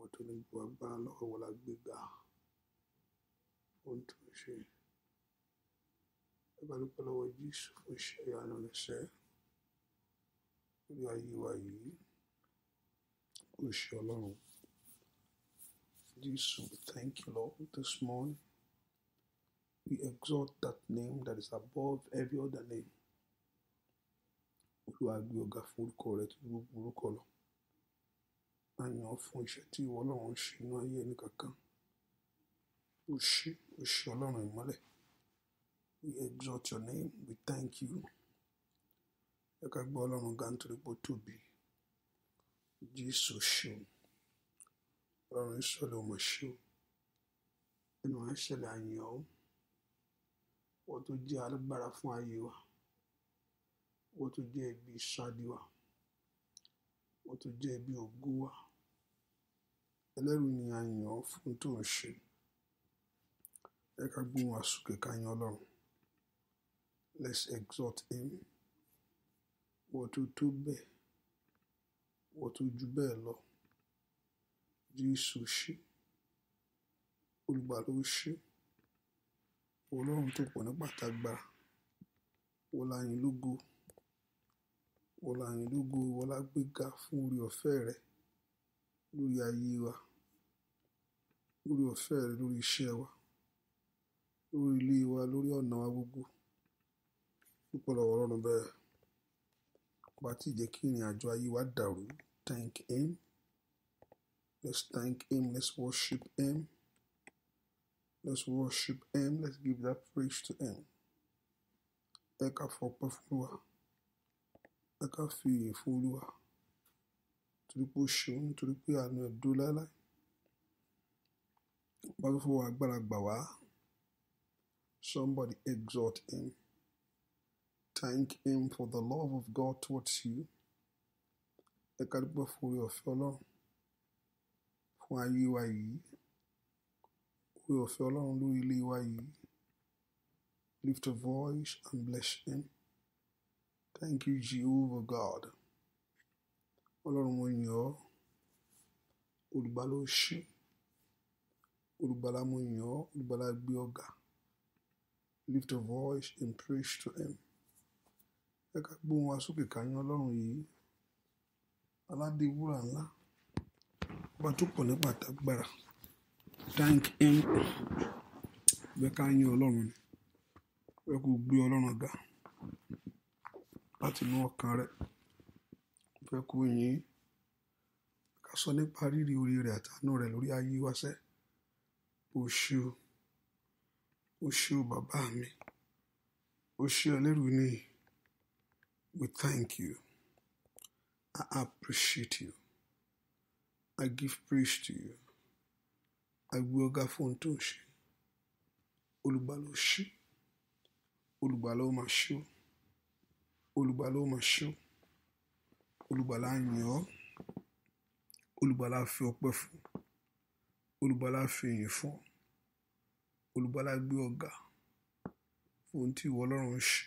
wọ́n tó ní gbogbo agbára lọ́wọ́ wọn la gbé gbà ohun tó ń ṣe ẹgbẹ́ dúpẹ́ lọ́wọ́ Jésù fún iṣẹ́ ìyanu lẹ́sẹ̀ lórí ayé wa yìí kò ṣe Ọlọ́run Jésù thank you Lord this morning we exalt that name that is above every other name Olúwa gbé ọ̀gá fún orúkọ rẹ̀ tó gbogbo orúkọ lọ yìn fún iṣẹ́ tí ìwọ ọlọ́run ṣe inú ayé ẹnì kankan o ṣé o ṣé ọlọ́run ìmọ́lẹ̀ we exalt your name we thank you ẹ ká gbọ́ ọlọ́run ga nítorí pé ó tóbi jésù ṣe o ọlọ́run ìṣọ̀lẹ̀ ọmọ ṣe o ẹnu à ń ṣẹlẹ̀ àyàn o wọ́n tó jẹ́ alágbára fún ayé wa wọ́n tó jẹ́ ibi ìsádi wa wọ́n tó jẹ́ ibi ògo wa. Ẹlẹ́rù ni a yàn ọ́ fún tó ń ṣe. Ẹ ká gbóhùn àsùkè ká yan Ọlọ́run. Let's exalt him. Wọ́n tó tó bẹ́ẹ̀, wọ́n tó ju bẹ́ẹ̀ lọ. Jésù ṣe, olùgbàlà ó ṣe, Ọlọ́run tó pọ̀ ní pàtàgbà, wọ́n la lógo, wọ́n la lógo, wọ́n la fún orí ọ̀fẹ́ rẹ̀ lórí ayé wa lórí ọ̀fẹ́ rẹ lórí iṣẹ́ wa lórí ilé wa lórí ọ̀nà wa gbogbo púpọ̀ ọlọ́run bẹ́ẹ̀ wá tí jẹ́ kí ìrìn àjò ayé wa dàrú thank him let's thank him let's worship him let's worship him let's give that praise to him ẹ ká fọpẹ́ fún wa ẹ ká fi ìyìn fún olúwa torí pé ó ṣeun nítorí pé àánú ẹ̀ dó láéláé. Bá tó agbára gbà wá. Somebody exhort him. Thank him for the love of God towards you. Ẹ ká dúpẹ́ fún orí ọ̀fẹ́ Ọlọ́run fún ayé wa yìí. Orí ọ̀fẹ́ Ọlọ́run lórí ilé wa yìí. Lift a voice and bless him. Thank you, Jehovah God. Ọlọ́run mo yàn ọ́. Olùgbàlóṣù. Olùgbàlà mo yìn ọ́, Lift a voice and praise to him. Ẹ ká gbóhùn wa sókè ká Ọlọ́run yìí. Aládé ńlá. Ọba tó pọ̀ nípa àtàgbára. Thank him. Ẹ ká yìn Ọlọ́run ni. Ẹ kò gbé Ọlọ́run ga. Láti inú ọkàn rẹ̀. Ẹ kò yìn. Ká sọ nípa rírì orí rẹ̀ àtàánú rẹ̀ lórí ayé wa o ṣé o o ṣé o bàbá mi o ṣé ni we thank you I appreciate you I give praise to you agbé ọ̀gá fún tó ń ṣe olùgbàlà ṣí olùgbàlà ó máa ṣó olùgbàlà ó máa ṣó olùgbàlà ń yàn ọ́ olùgbàlà fi fún olùgbàlà fi ìyìn fún olùgbàlà gbé ọ̀gá fún ohun tí ìwọ ọlọ́run ṣe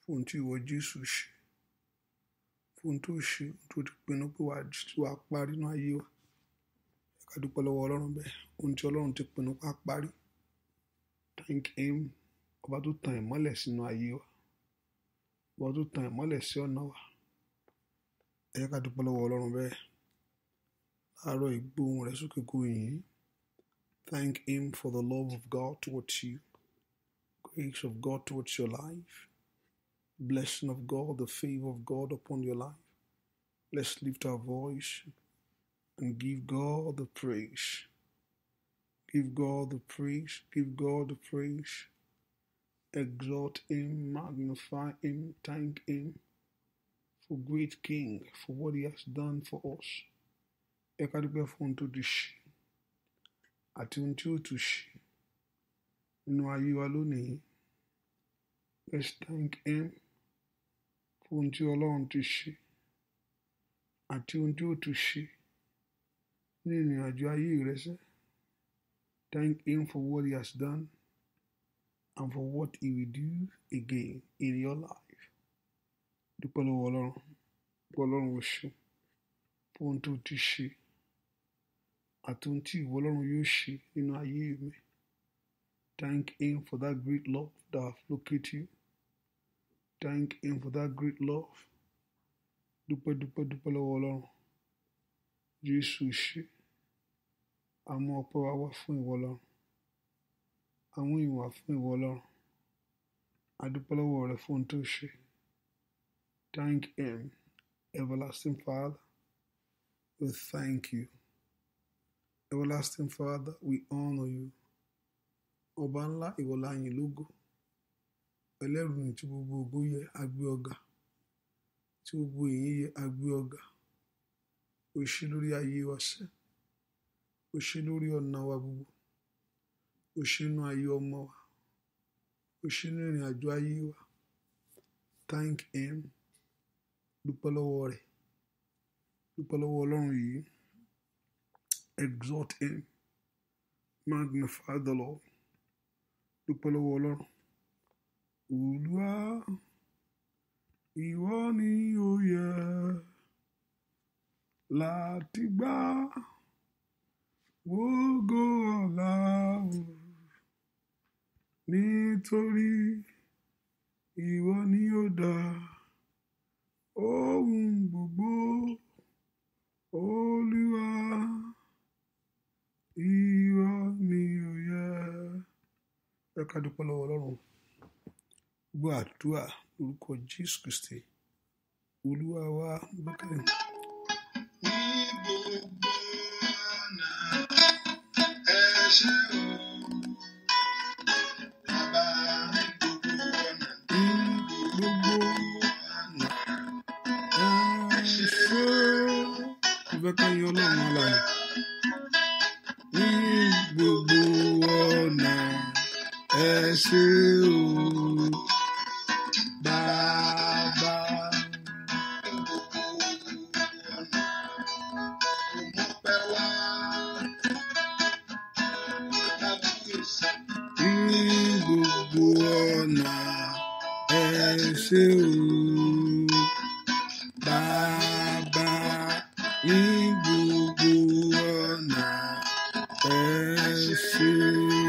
fún ohun tí ìwọ jésù ṣe fún ohun tó ṣe ohun tó ti pinnu pé wàá wà á parí nínú ayé wa ká dúpẹ́ lọ́wọ́ ọlọ́run bẹ́ẹ̀ ohun tí ọlọ́run ti pinnu pé á parí thank him ọba tó tan ìmọ́lẹ̀ sínú ayé wa ọba tó tan ìmọ́lẹ̀ sí ọ̀nà wa ẹ̀yẹ́ dúpẹ́ lọ́wọ́ ọlọ́run bẹ́ẹ̀. Arrow Goyin. Thank Him for the love of God towards you, grace of God towards your life, blessing of God, the favor of God upon your life. Let's lift our voice and give God the praise. Give God the praise. Give God the praise. Exalt Him, magnify Him, thank Him for great King, for what He has done for us. ẹ ká dúpẹ́ fún ohun tó ti ṣe àti ohun tí ó tún ṣe nínú ayé wa lónìí let's thank him fún ohun tí ọlọ́run ti ṣe àti ohun tí ó tún ṣe ní ìrìn àjò ayé ìrẹsẹ̀ thank him for what he has done and for what he will do again in your life dúpẹ́ lọ́wọ́ ọlọ́run dúpẹ́ ọlọ́run ò ṣe fún ohun tó ti ṣe àti ohun tí ìwọ Ọlọ́run yóò ṣe nínú ayé mi. Thank Him for that great love that have located you. Thank Him for that great love. Dúpẹ́ dúpẹ́ dúpẹ́ lọ́wọ́ Ọlọ́run. Jésù ṣe. Àmọ́ ọpẹ́ wa wá fún ìwọ Ọlọ́run. Àwọn ìwà fún ìwọ Ọlọ́run. Adúpẹ́ lọ́wọ́ rẹ fún ohun tó ṣe. Thank Him, everlasting Father. We thank you. Everlasting Father, we honor you. Ọba ńlá ìwọlá yìn lógo. Ẹlẹ́rù ni tí gbogbo ògo yẹ agbé ọ̀gá. Tí gbogbo èyí yẹ agbé ọ̀gá. O ṣe lórí ayé wa sẹ́. O lórí ọ̀nà wa gbogbo. O ṣe ayé ọmọ wa. O ṣe ìrìn àjò ayé wa. Thank him. Dúpẹ́ lọ́wọ́ rẹ̀. Dúpẹ́ lọ́wọ́ Ọlọ́run yìí exalt him magnify the Lord dúpẹ́ lọ́wọ́ ọlọ́run olúwa ìwọ ni ó yẹ láti gbà wógó ọ̀la nítorí ìwọ ni ó dá ohun gbogbo olúwa. Irọ́ mi ò yá. Ẹ ká dúpẹ́ lọ́wọ́ Ọlọ́run. Gbọ́ àdúrà lórúkọ Jésù Kristi. Olúwa wa bákan. Ní gbogbo ọ̀nà ẹ ṣe o. Bẹ́ẹ̀ gbogbo ọ̀nà Baba, ṣé o bàbá. Ní gbogbo ọ̀nà ẹ ṣé o. see.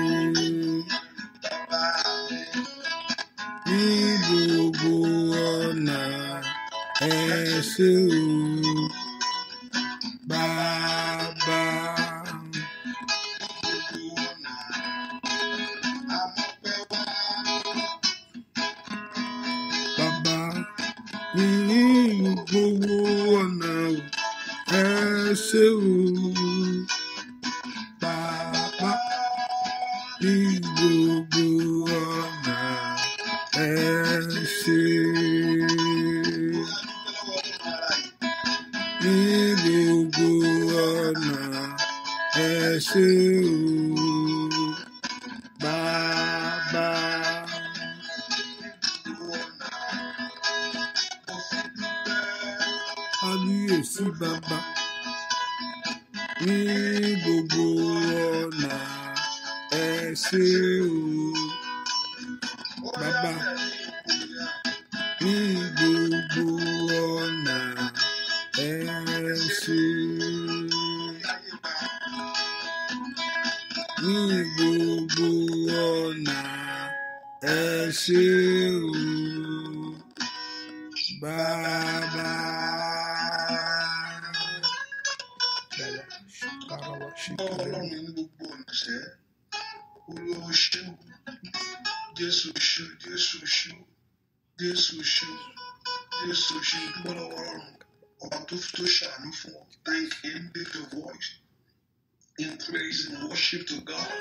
Olúwa ṣeun Jésù ṣeun Jésù ṣeun Jésù ṣeun Jésù ṣeun dúpọ́ lọ́wọ́ ọ̀run ọba tó fi tó ṣàánú thank him lift your voice in praise and worship to God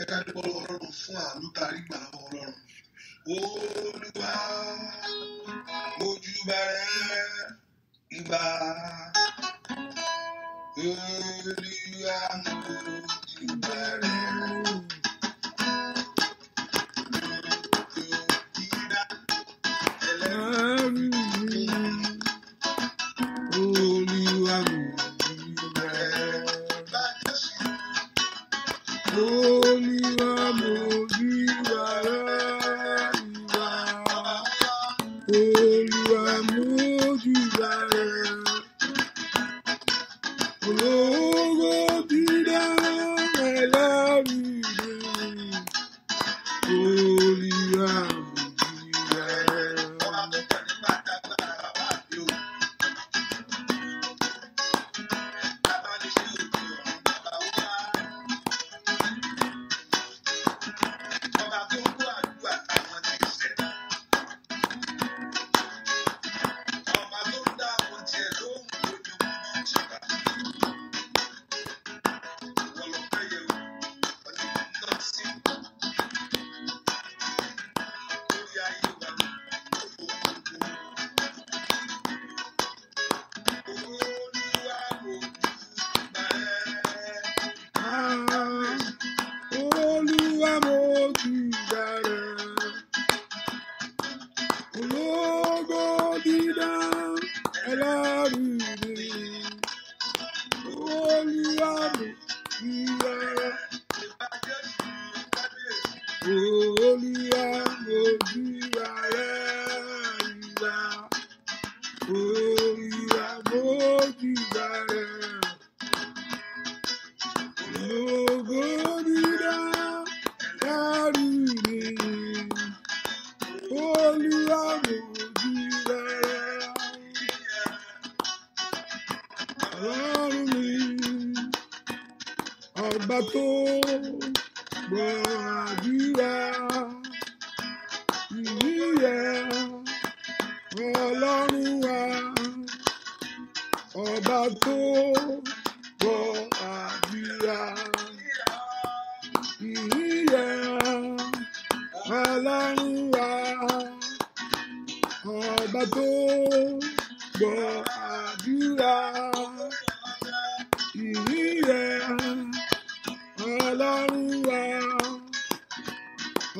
ẹ ká dúpọ́ lọ́wọ́ ọlọ́run fún àánú tá a rí gbà lọ́wọ́ ọlọ́run Olúwa ojúbà rẹ ìgbà Thank you.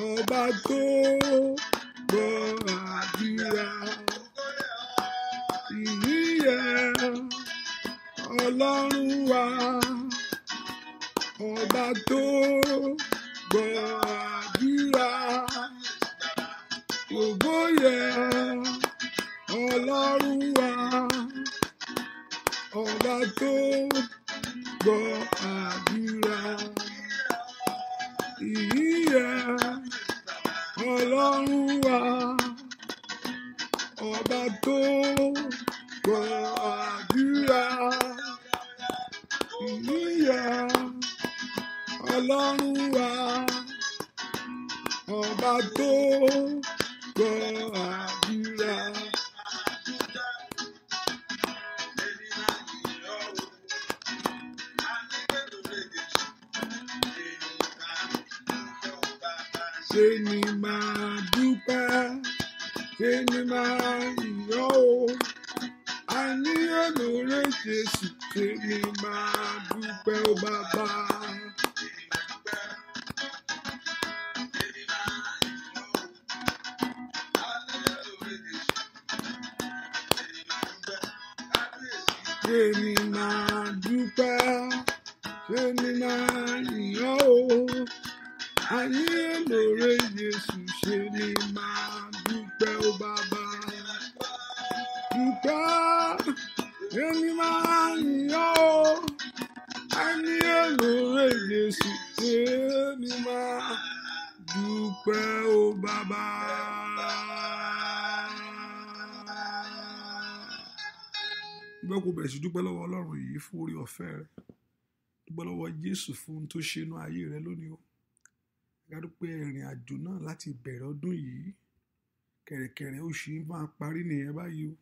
ọba tó gbọ́ àdúrà ìyíyẹ ọlọ́run wa ọba tó gbọ́ àdúrà ògbóyè ọlọ́run wa ọba tó gbọ́ àdúrà. ọlọ́run wa ọba tó gbọ́ àdúrà níyà ọlọ́run wa ọba tó. Jésù ṣe ni máa dúpẹ́ ó bàbá. Dúpẹ́ èmi máa ń yọ̀ ọ́. A ní èrò rẹ̀ Jésù èmi máa dúpẹ́ ó bàbá. Bẹ́ẹ̀ kò bẹ̀rẹ̀ sí dúpẹ́ lọ́wọ́ Ọlọ́run yìí fún orí ọ̀fẹ́ rẹ̀. Dúpẹ́ lọ́wọ́ Jésù fún ohun tó ṣe inú ayé rẹ lónìí o dárúpẹ́ ìrìn àjò náà láti bẹ̀rẹ̀ ọdún yìí kẹ̀rẹ̀kẹ̀rẹ̀ oṣù yìí máa parí nìyẹn báyìí o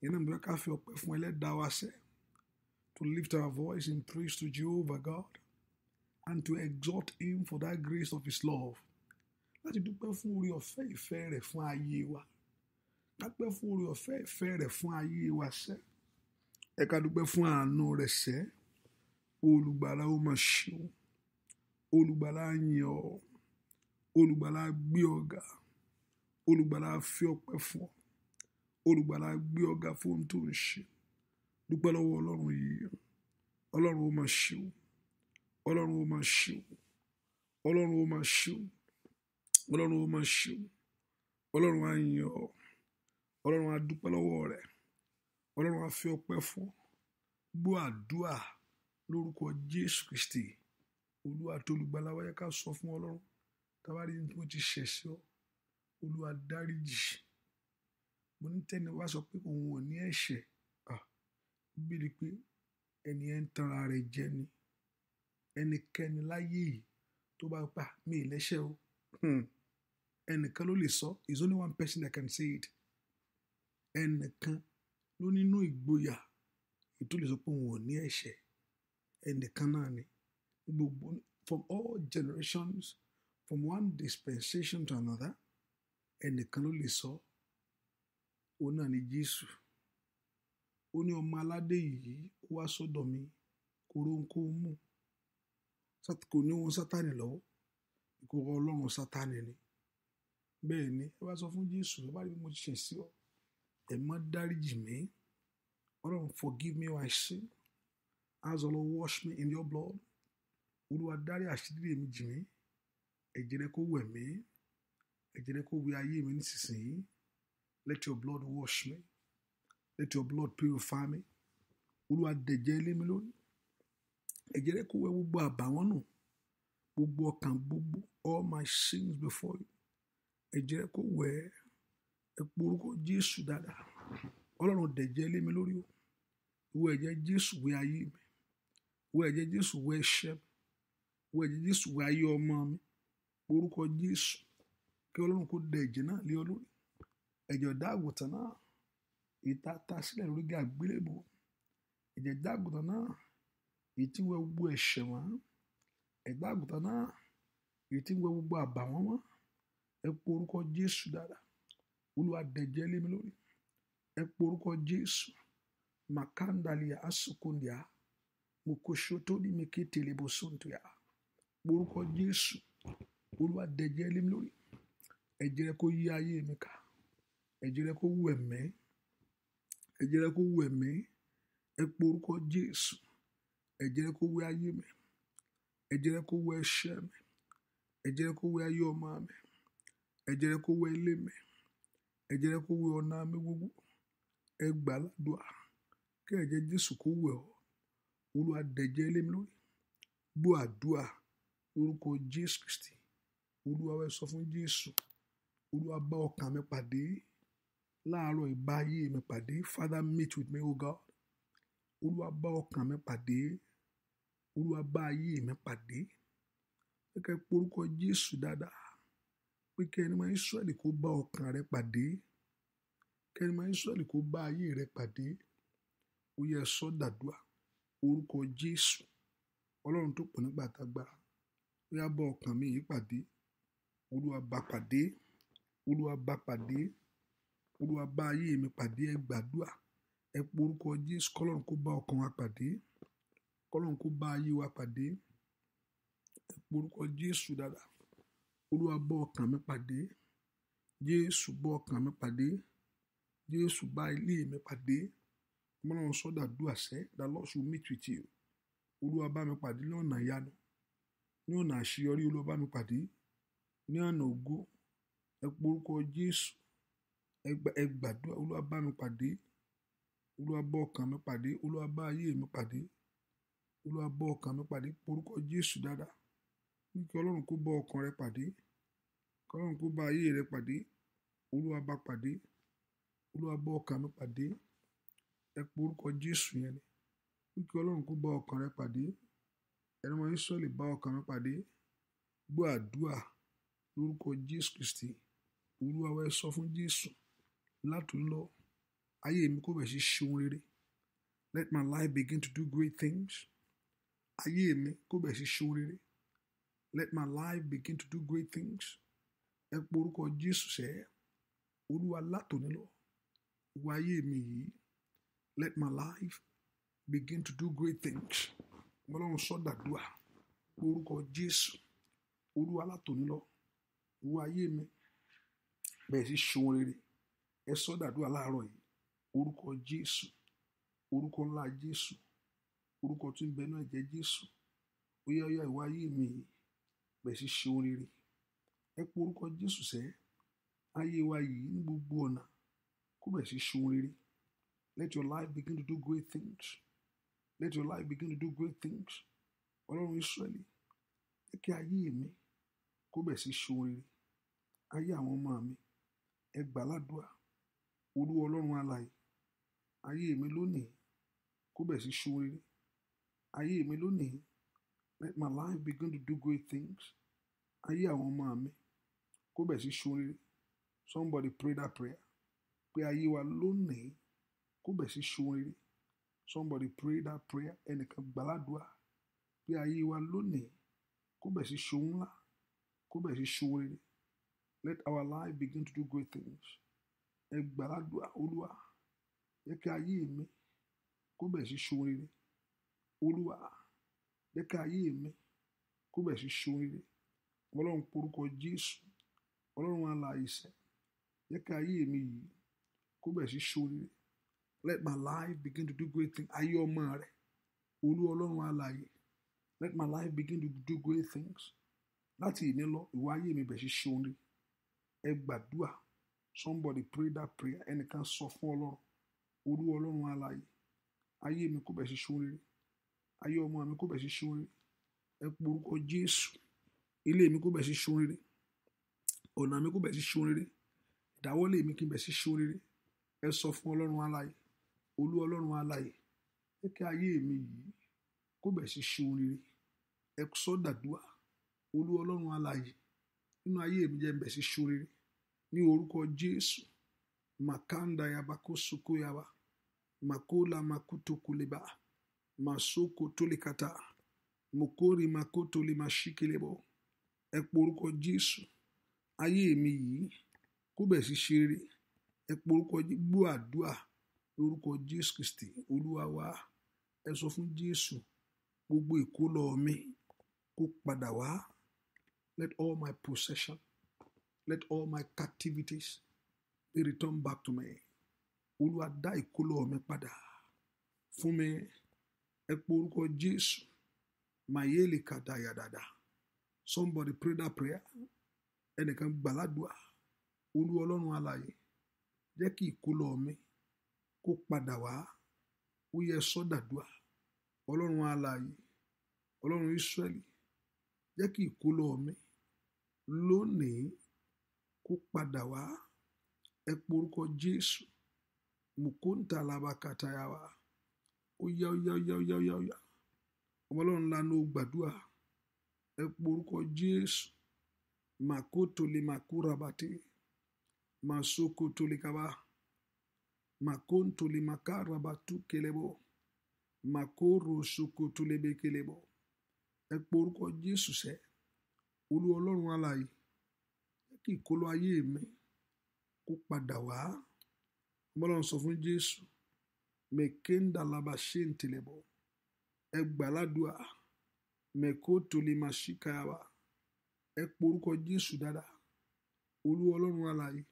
ìyẹn náà bẹ́ẹ̀ ká fi ọpẹ́ fún ẹlẹ́dàá wa sẹ́ to lift our voice in praise to Jehovah God and to exalt him for that grace of his love láti dúpẹ́ fún orí ọ̀fẹ́ ìfẹ́ rẹ̀ fún ayé wa dápẹ́ fún orí ọ̀fẹ́ ìfẹ́ rẹ̀ fún ayé wa sẹ́ ẹ ká dúpẹ́ fún àánú rẹ̀ sẹ́ olùgbàlà ó máa ṣeun olùgbàlà yìn ọ́ olùgbàlà gbé ọ̀gá olùgbàlà fi ọpẹ́ fún ọ olùgbàlà gbé ọ̀gá fún ohun tó ń ṣe dúpẹ́ lọ́wọ́ ọlọ́run yìí ọlọ́run ó máa ṣe o ọlọ́run ó máa ṣe o ọlọ́run ó máa ṣe o ọlọ́run ó máa ṣe o ọlọ́run á yìn ọ́ ọlọ́run á dúpẹ́ lọ́wọ́ rẹ̀ ọlọ́run á fi ọpẹ́ fún ọ gbọ́ àdúà lórúkọ jésù kristi olúwa tó olùgbàlà wa yẹ ká sọ fún ọlọ́run tábàárí ní mo ti ṣẹ̀ṣẹ̀ ọ́ olúwa dáríjì mo ní tẹ́ni wá sọ pé òun ò ní ẹ̀ṣẹ̀ bíbélì pé ẹni ẹ̀ ń tanra rẹ̀ jẹ ni ẹnikẹ́ni láyé yìí tó bá pa mí lẹ́ṣẹ̀ o hmm. ẹnìkan ló lè sọ is only one person that can say it ẹnìkan ló nínú ìgboyà ètò lè sọ pé òun ò ní ẹ̀ṣẹ̀ ẹnìkan náà ni gbogbo from all generations from one dispensation to another ẹnìkan ló lè sọ òun náà ni Jésù ó ní ọmọ aládé yìí ó wá sọ́dọ̀ mi korónkó mú kò ní wọn sátani lọ́wọ́ ìkóra Ọlọ́run sátani ni bẹ́ẹ̀ ni ẹ bá sọ fún Jésù ẹ bá rí bí mo ṣẹ̀ sí ọ ẹ má dáríjì mí Ọlọ́run forgive me my sin as the Lord wash me in your blood olúwa dárí àṣírí èmi jì mí ẹ̀jẹ̀ rẹ kó wẹ̀ mí ẹ̀jẹ̀ rẹ kó wẹ ayé mi nísinsìnyí let your blood wash me let your blood purify me olúwa dẹ̀jẹ̀ lé mi lórí ẹ̀jẹ̀ rẹ kó wẹ gbogbo àbàwọ́n nù gbogbo ọkàn gbogbo all my sins before you ẹ̀jẹ̀ rẹ kó wẹ̀ ẹ pé orúkọ jésù dáadáa ọlọ́run dẹ̀jẹ̀ lé mi lórí o ìwọ ẹ̀jẹ̀ jésù wẹ ayé mi ìwọ ẹ̀jẹ̀ jésù wẹ ẹ̀ṣẹ̀ mi wọ ẹ̀jẹ̀ jésù wẹ ayé ọmọ mi orúkọ jésù kí ọlọ́run kó dẹ ẹ̀jẹ̀ náà lé ọ lórí ẹ̀jẹ̀ ọ̀dá àgùntàn náà ìta ta sílẹ̀ lórí àgbélébò ẹ̀jẹ̀ ọ̀dá àgùntàn náà ètí wẹ gbogbo ẹ̀ṣẹ̀ wọn ẹ̀dá àgùntàn náà ètí wẹ gbogbo àbàwọ́n wọn ẹ pọ orúkọ jésù dáadáa olúwa dẹ̀jẹ̀ lé mi lórí ẹ pọ orúkọ jésù makandalia asukundia mukoshoto ni miketele bosonto ya orúkọ jésù olúwa dẹ̀jẹ̀ lé mi lórí ẹ̀jẹ̀ rẹ kó yí ayé mi ká ẹ̀jẹ̀ rẹ kó wù ẹ̀mí ẹ̀jẹ̀ rẹ kó wù ẹ̀mí ẹ pé orúkọ jésù ẹ̀jẹ̀ rẹ kó wẹ ayé mi ẹ̀jẹ̀ rẹ kó wẹ ẹ̀ṣẹ̀ mi ẹ̀jẹ̀ rẹ kó wẹ ayé ọmọ mi ẹ̀jẹ̀ rẹ kó wẹ ilé mi ẹ̀jẹ̀ rẹ kó wẹ ọ̀nà mi gbogbo ẹ gbà ládùá kí ẹ̀jẹ̀ jésù kó wẹ ọ olúwa dẹ̀jẹ̀ lé mi lórí gbọ́ àdúrà orúkọ jésù kristi olúwa wẹ sọ fún jésù olúwa bá ọkàn mi pàdé láàárọ̀ ìbá mi pàdé father meet with me o god olúwa bá ọkàn mi pàdé olúwa bá ayé mi pàdé kẹ́kẹ́ porúkọ jésù dáadáa pé kẹ́ni máa ń sọ́ọ̀lì kó bá ọkàn rẹ pàdé kẹ́ni máa ń sọ́ọ̀lì kó bá ayé rẹ pàdé ó yẹ sọ́dàdúà orúkọ jésù ọlọ́run tó pọ̀ nígbà tágbára bóyá bọ́ ọkàn mi yìí pàdé olúwa bá pàdé olúwa bá pàdé olúwa bá ayé mi pàdé ẹ gbàdúà ẹ pọ orúkọ jésù kọlọ́run kó bá ọkàn wa pàdé kọlọ́run kó bá ayé wa pàdé ẹ pọ orúkọ jésù dada olúwa bá ọkàn mi pàdé jésù bá ọkàn mi pàdé jésù bá ilé mi pàdé mọ́nà sọ́dà dùàṣẹ́ the Lord should meet with you olúwa bá mi pàdé lọ́nà ìyanu ní ọ̀nà àṣeyọrí olúwa bá mi pàdé ní ọ̀nà ògo ẹ pe orúkọ jésù ẹ gbàdúrà olúwa bá mi pàdé olúwa bá ọkàn mi pàdé olúwa bá ayé mi pàdé olúwa bá ọkàn mi pàdé porúkọ jésù dáadáa ní kí ọlọ́run kó bá ọkàn rẹ pàdé kí ọlọ́run kó bá ayé rẹ pàdé olúwa bá pàdé olúwa bá ọkàn mi pàdé ẹ porúkọ jésù yẹn ní kí ọlọ́run kó bá ọkàn rẹ pàdé ẹnu ọmọ Ísírẹ́lì bá ọkàn mi pàdé gbọ́ àdúà lórúkọ Jésù Kristi Olúwa wa ẹ sọ fún Jésù látòun lọ ayé mi kó bẹ̀rẹ̀ sí ṣe rere let my life begin to do great things ayé mi kó bẹ̀rẹ̀ sí ṣe rere let my life begin to do great things ẹ pọ orúkọ Jésù sẹ́ Olúwa látòun lọ wọ ayé mi yìí let my life begin to do great things ọlọ́run sọ́dàdúà orúkọ jésù olúwa látòní lọ wo ayé mi bẹ́ẹ̀ sì ṣohun rere ẹ sọ́dàdúà láàárọ̀ yìí orúkọ jésù orúkọ ńlá jésù orúkọ tó ń bẹ náà jẹ́ jésù ó yá ó yá ìwà ayé mi bẹ́ẹ̀ sì ṣohun rere ẹ pọ orúkọ jésù sẹ́ ayé wa yìí ní gbogbo ọ̀nà kó bẹ́ẹ̀ sì ṣohun rere let your life begin to do great things. Let your life begin to do great things. Ọlọ́run Ísírẹ́lì jẹ́ kí ayé mi kó bẹ̀ sí ṣe oríire. Ayé àwọn ọmọ mi ẹ gbà ládùúà. Olú Ọlọ́run alààyè. Ayé mi lónìí kó bẹ̀ sí ṣe oríire. Ayé mi lónìí let my life begin to do great things. Ayé àwọn ọmọ mi kó bẹ̀ sí ṣe oríire. Somebody pray that prayer. Pé ayé wa lónìí kó bẹ̀ sí ṣe oríire somebody pray that prayer ẹnìkan gbàládùá pé ayé wa lónìí kó bẹ̀ sí ṣohun ńlá kó bẹ̀ sí ṣohun rere let our life begin to do great things ẹ gbàládùá olúwa jẹ́ kí ayé mi kó bẹ̀ sí ṣohun rere olúwa jẹ́ kí ayé mi kó bẹ̀ sí ṣohun rere ọlọ́run porúkọ jésù ọlọ́run alààyè sẹ́ jẹ́ kí ayé mi yìí kó bẹ̀ sí ṣohun rere let my life begin to do great things ayé ọmọ rẹ olú ọlọ́run alààyè let my life begin to do great things láti ìní lọ ìwọ ayé mi bẹ̀ ṣe ṣeun rí ẹ gbàdúrà somebody pray that prayer ẹnìkan sọ fún ọlọ́run olú ọlọ́run alààyè ayé mi kò bẹ̀ ṣe ṣeun ayé ọmọ mi kò bẹ̀ ṣe ṣeun rí ẹ porúkọ jésù ilé mi kò bẹ̀ ṣe ṣeun ọ̀nà mi kò bẹ̀ ṣe ṣeun ìdáwọ́lé mi kì í bẹ̀ ṣe ṣeun rí ẹ sọ fún ọlọ́run alààyè olú ọlọ́run aláyè jẹ́ kí ayé mi yìí kó bẹ̀ sí ṣe oríire ẹ sọ dàdúrà olú ọlọ́run aláyè nínú ayé mi jẹ́ bẹ̀ sí ṣe oríire ní orúkọ jésù makanda yaba kó soko yaba makola makuto kuleba masoko tolikata mokori makoto lè máa ṣí kelebo ẹ pọ jésù ayé mi yìí kó bẹ̀ sí ṣe rere ẹ pọ orúkọ àdúrà lórúkọ jésù kristi olúwa wa ẹ sọ fún jésù gbogbo ìkólọ mi kó padà wá let all my possession let all my captivities be returned back to me olúwa dá ìkólọ mi padà fún mi ẹ pé orúkọ jésù mayele kadayadada somebody pray that prayer ẹnìkan gbàládùá olú ọlọ́run alààyè jẹ́ kí ìkólọ mi kó padà wá ó yẹ sọ́dàdúà ọlọ́run alààyè ọlọ́run Ísírẹ́lì jẹ́ kí ìkólọ mi lónìí kó padà wá ẹ porúkọ Jésù mùkóńtà làbàkàtàyà wá ó yá ó yá ó yá ó yá ó yá ó yá ọmọ lanu gbàdúà ẹ porúkọ Jésù màkótólè màkúrabàtì màsókótólè kábàá makontole makarabatu kelebo makoro sokotolebe kelebo ẹ pe orúkọ jésù sẹ olú ọlọ́run alààyè jẹ́ kí ìkólọ ayé mi kó padà wá ọmọlọ́run sọ fún jésù mekendalaba ṣe ń tẹlẹbọ ẹ gbàládùá mẹkótolemàṣíkàyàwá ẹ pe orúkọ jésù dáadáa olú ọlọ́run alààyè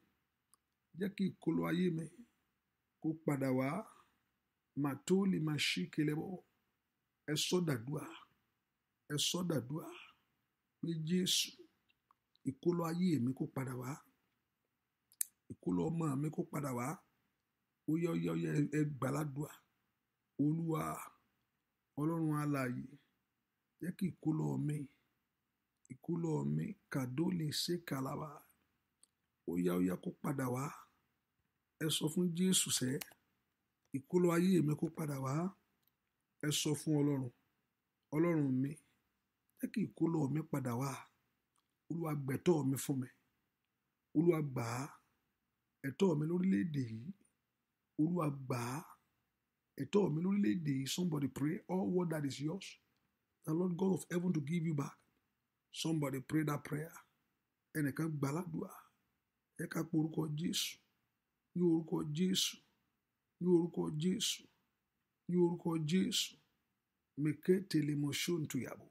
jẹ́ kí ìkólọ ayé mi kó padà wá màá tó lè máa ṣí kelebọ ẹ sọdàdúà ẹ sọdàdúà pé Jésù ìkólọ ayé mi kó padà wá ìkólọ ọmọ mi kó padà wá ó ẹ gbàládùà olúwa ọlọ́run alààyè jẹ́ kí ìkólọ mi ìkólọ mi kàdó lè ṣe kàlàwà ó kó padà wá ẹ sọ fún Jésù sẹ́ ìkólọ ayé mi kó padà wá ẹ sọ fún Ọlọ́run Ọlọ́run mi jẹ́ kí ìkólọ mi padà wá Olúwa gbẹ̀tọ́ mi fún mi Olúwa gbà á ẹ̀tọ́ mi lórílẹ̀‐èdè yìí Olúwa gbà mi lórílẹ̀ yìí somebody pray all word that is yours the Lord God of heaven to give you back somebody pray that prayer ẹnìkan gbàládùá ẹ ká pe orúkọ Jésù ní orúkọ Jésù ní orúkọ Jésù ní orúkọ Jésù mekete lè mọ ṣóǹtò yàbò